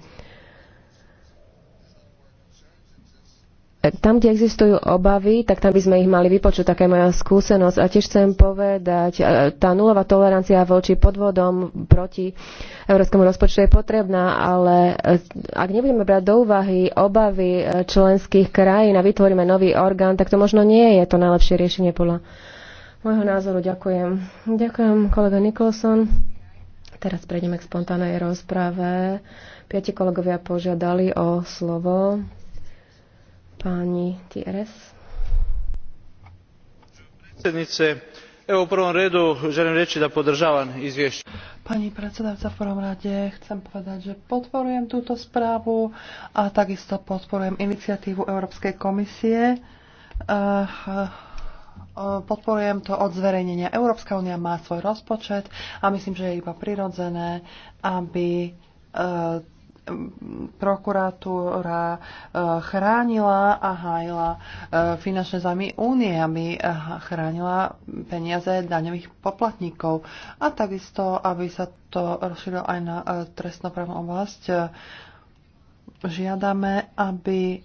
S2: Tam, kde existujú obavy, tak tam by sme ich mali vypočuť, taká je moja skúsenosť. A tiež chcem povedať, e, tá nulová tolerancia voči podvodom proti európskemu rozpočtu je potrebná, ale e, ak nebudeme brať do úvahy obavy e, členských krajín a vytvoríme nový orgán, tak to možno nie je to najlepšie riešenie podľa môjho názoru. Ďakujem. Ďakujem, kolega Nikolson. Teraz prejdeme k spontánej rozprave. Piati kolegovia požiadali o slovo.
S5: Pani predsedajúca, v prvom rade chcem povedať, že podporujem túto správu a takisto podporujem iniciatívu Európskej komisie. Eh, eh, podporujem to od zverejnenia. Európska únia má svoj rozpočet a myslím, že je iba prirodzené, aby eh, prokuratúra eh, chránila a hájila eh, finančné zájmy únie, aby eh, chránila peniaze daňových poplatníkov a takisto, aby sa to rozšírilo aj na trestnoprávnu oblasť. Žiadame, aby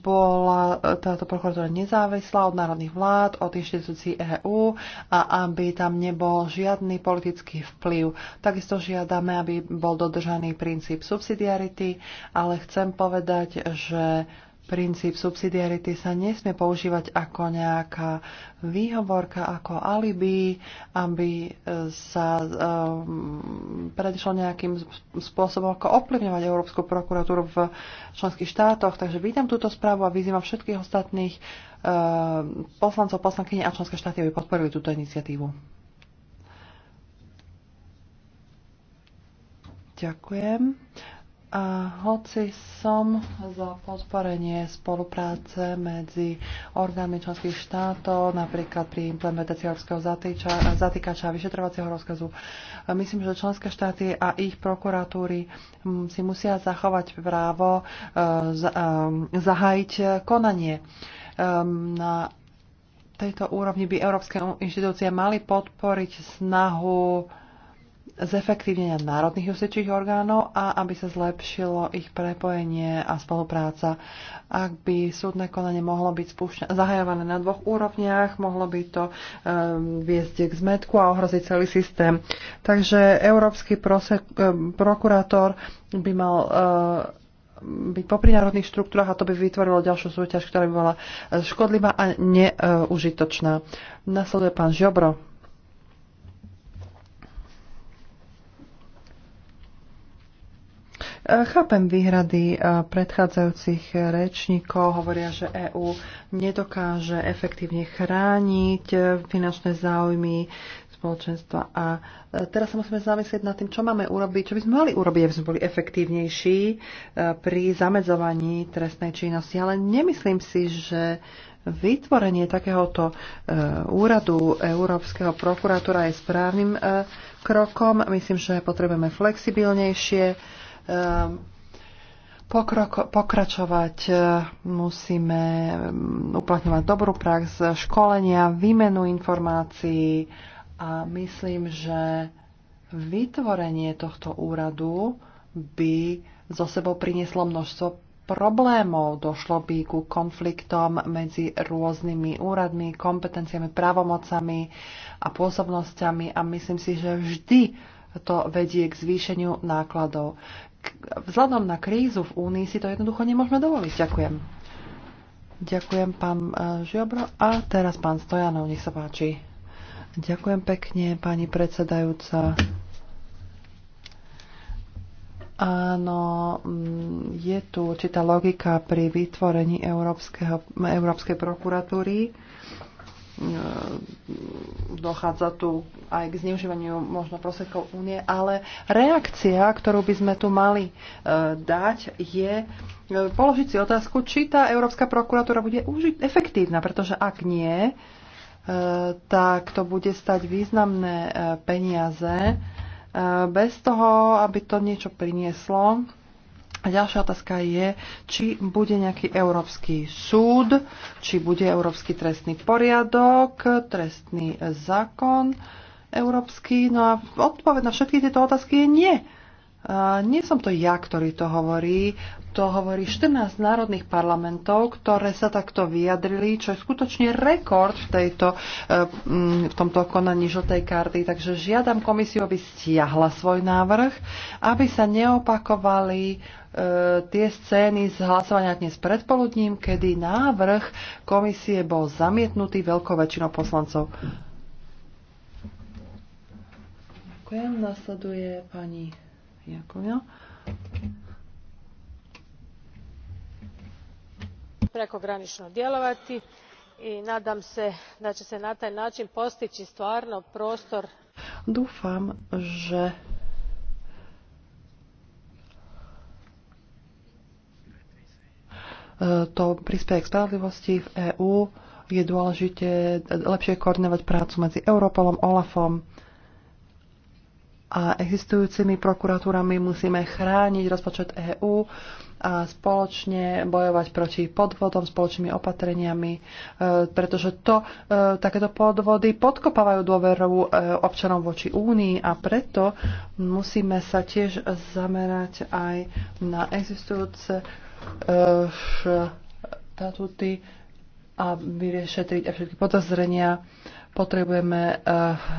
S5: bola e, táto prokuratúra nezávislá od národných vlád, od inštitúcií EÚ a aby tam nebol žiadny politický vplyv. Takisto žiadame, aby bol dodržaný princíp subsidiarity, ale chcem povedať, že princíp subsidiarity sa nesmie používať ako nejaká výhovorka, ako alibi, aby e, sa um, predišlo nejakým spôsobom, ako ovplyvňovať Európsku prokuratúru v členských štátoch. Takže vítam túto správu a vyzývam všetkých ostatných uh, poslancov, poslankyne a členské štáty, aby podporili túto iniciatívu. Ďakujem. A hoci som za podporenie spolupráce medzi orgánmi členských štátov, napríklad pri implementácii európskeho zatýkača a vyšetrovacieho rozkazu, myslím, že členské štáty a ich prokuratúry mm, si musia zachovať právo e, e, zahájiť konanie. E, na tejto úrovni by európske inštitúcie mali podporiť snahu zefektívnenia národných justičných orgánov a aby sa zlepšilo ich prepojenie a spolupráca. Ak by súdne konanie mohlo byť spúšťa- zahajované na dvoch úrovniach, mohlo by to um, viesť k zmetku a ohroziť celý systém. Takže Európsky eh, prokurátor by mal uh, byť popri národných štruktúrach a to by vytvorilo ďalšiu súťaž, ktorá by bola škodlivá a neužitočná. Nasleduje pán Žobro. Chápem výhrady eh, predchádzajúcich rečníkov, hovoria, že EÚ nedokáže efektívne chrániť eh, finančné záujmy spoločenstva. A eh, teraz sa musíme zamyslieť nad tým, čo máme urobiť, čo by sme mali urobiť, aby sme boli efektívnejší pri zamedzovaní trestnej činnosti. Ale nemyslím si, že vytvorenie takéhoto úradu Európskeho prokuratúra je správnym krokom. Myslím, že potrebujeme flexibilnejšie Ehm, pokračovať eh, musíme mm, uplatňovať dobrú prax, školenia, výmenu informácií a myslím, že vytvorenie tohto úradu by zo sebou prinieslo množstvo problémov. Došlo by ku konfliktom medzi rôznymi úradmi, kompetenciami, právomocami a pôsobnosťami a myslím si, že vždy to vedie k zvýšeniu nákladov vzhľadom na krízu v Únii si to jednoducho nemôžeme dovoliť. Ďakujem. Ďakujem pán e, Žiobro a teraz pán Stojanov, nech sa páči. Ďakujem pekne, pani predsedajúca. Áno, mm, je tu určitá logika pri vytvorení Európskeho, Európskej prokuratúry E, dochádza tu aj k zneužívaniu možno prosekov únie, ale reakcia, ktorú by sme tu mali e, dať, je e, položiť si otázku, či tá Európska prokuratúra bude efektívna, pretože ak nie, tak to bude stať významné peniaze bez toho, aby to niečo prinieslo. A ďalšia otázka je, či bude nejaký Európsky súd, či bude Európsky trestný poriadok, trestný zákon európsky. No a odpoveď na všetky tieto otázky je nie nie som to ja, ktorý to hovorí. To hovorí 14 národných parlamentov, ktoré sa takto vyjadrili, čo je skutočne rekord v, tejto, e, v tomto konaní žltej karty. Takže žiadam komisiu, aby stiahla svoj návrh, aby sa neopakovali e, tie scény z hlasovania dnes predpoludním, kedy návrh komisie bol zamietnutý veľkou väčšinou poslancov. Ďakujem. Nasleduje pani Jakovina.
S4: Prekogranično djelovati i nadam se da će se na taj način postići stvarno prostor
S5: Dufam, že to prispieje k spravodlivosti v EÚ. Je dôležité lepšie koordinovať prácu medzi Europolom, OLAFom, a existujúcimi prokuratúrami musíme chrániť rozpočet EÚ a spoločne bojovať proti podvodom spoločnými opatreniami, e, pretože to, e, takéto podvody podkopávajú dôveru e, občanov voči Únii a preto musíme sa tiež zamerať aj na existujúce štatuty a vyriešetriť všetky podozrenia potrebujeme, eh,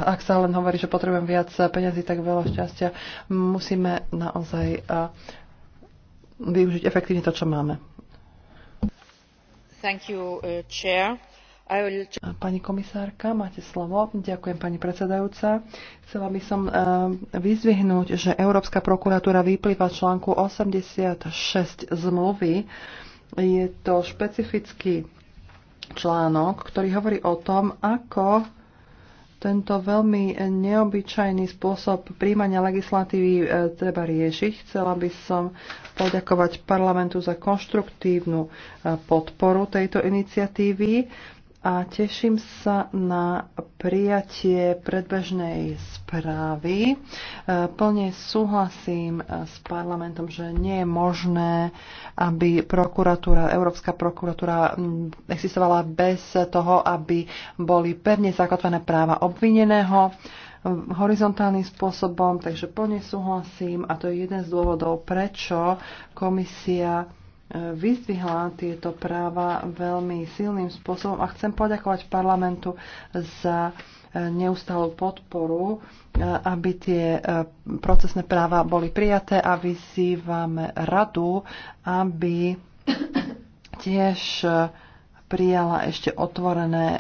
S5: ak sa len hovorí, že potrebujem viac peňazí, tak veľa šťastia, musíme naozaj eh, využiť efektívne to, čo máme.
S1: Thank you, uh, chair. I
S5: will... Pani komisárka, máte slovo. Ďakujem, pani predsedajúca. Chcela by som uh, vyzvihnúť, že Európska prokuratúra vyplýva článku 86 zmluvy. Je to špecifický článok, ktorý hovorí o tom, ako tento veľmi neobyčajný spôsob príjmania legislatívy e, treba riešiť. Chcela by som poďakovať parlamentu za konštruktívnu e, podporu tejto iniciatívy a teším sa na prijatie predbežnej správy. E, plne súhlasím e, s parlamentom, že nie je možné, aby prokuratúra, Európska prokuratúra existovala bez toho, aby boli pevne zakotvené práva obvineného e, horizontálnym spôsobom, takže plne súhlasím a to je jeden z dôvodov, prečo komisia vyzdvihla tieto práva veľmi silným spôsobom a chcem poďakovať parlamentu za e, neustálu podporu, e, aby tie e, procesné práva boli prijaté a vyzývame radu, aby tiež prijala ešte otvorené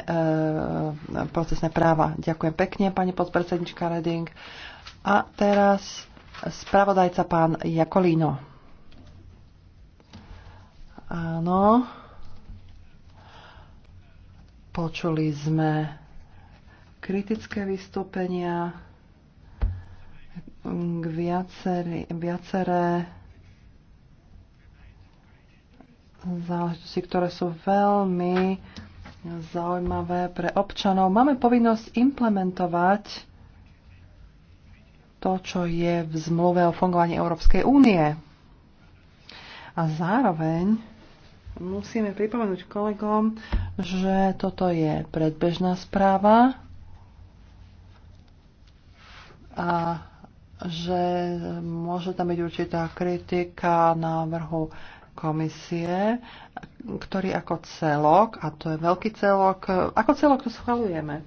S5: procesné práva. Ďakujem pekne, pani podpredsednička Reding. A teraz spravodajca pán Jakolíno. Áno. Počuli sme kritické vystúpenia k viaceré, viaceré záležitosti, ktoré sú veľmi zaujímavé pre občanov. Máme povinnosť implementovať to, čo je v zmluve o fungovaní Európskej únie. A zároveň Musíme pripomenúť kolegom, že toto je predbežná správa a že môže tam byť určitá kritika návrhu komisie, ktorý ako celok, a to je veľký celok, ako celok to schvalujeme. E,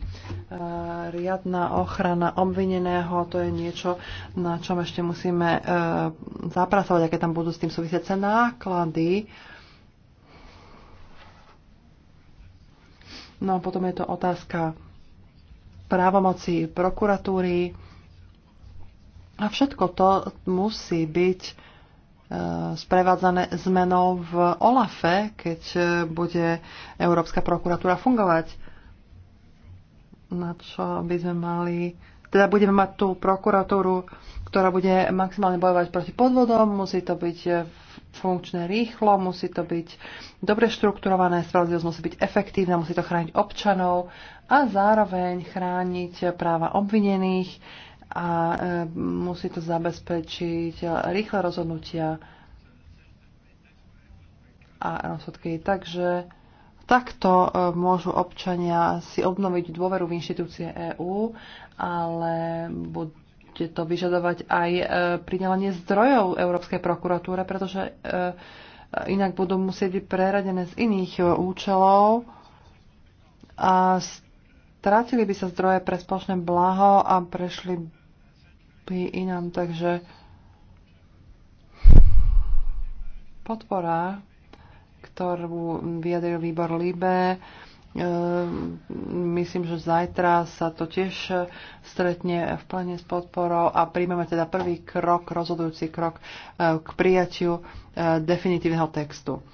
S5: riadna ochrana obvineného, to je niečo, na čom ešte musíme e, zapracovať, aké tam budú s tým súvisiace náklady. No a potom je to otázka právomoci prokuratúry. A všetko to musí byť e, sprevádzané zmenou v OLAFe, keď e, bude Európska prokuratúra fungovať. Na čo by sme mali... Teda budeme mať tú prokuratúru, ktorá bude maximálne bojovať proti podvodom, musí to byť v funkčné rýchlo, musí to byť dobre štrukturované, spravodlivosť musí byť efektívna, musí to chrániť občanov a zároveň chrániť práva obvinených a e, musí to zabezpečiť rýchle rozhodnutia a rozhodky. Takže takto e, môžu občania si obnoviť dôveru v inštitúcie EÚ, ale budú bude to vyžadovať aj e, pridelenie zdrojov Európskej prokuratúre, pretože e, inak budú musieť byť preradené z iných e, účelov a strátili by sa zdroje pre spoločné blaho a prešli by inám. Takže podpora, ktorú vyjadril výbor Libe, Ehm, myslím, že zajtra sa to tiež stretne v plene s podporou a príjmeme teda prvý krok, rozhodujúci krok eh, k prijatiu eh, definitívneho textu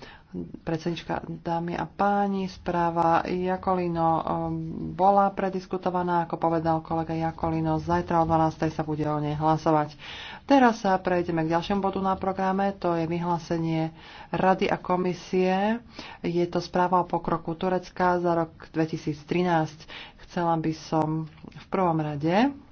S5: predsednička, dámy a páni, správa Jakolino um, bola prediskutovaná, ako povedal kolega Jakolino, zajtra o 12. sa bude o nej hlasovať. Teraz sa prejdeme k ďalšiemu bodu na programe, to je vyhlásenie Rady a komisie. Je to správa o pokroku Turecka za rok 2013. Chcela by som v prvom rade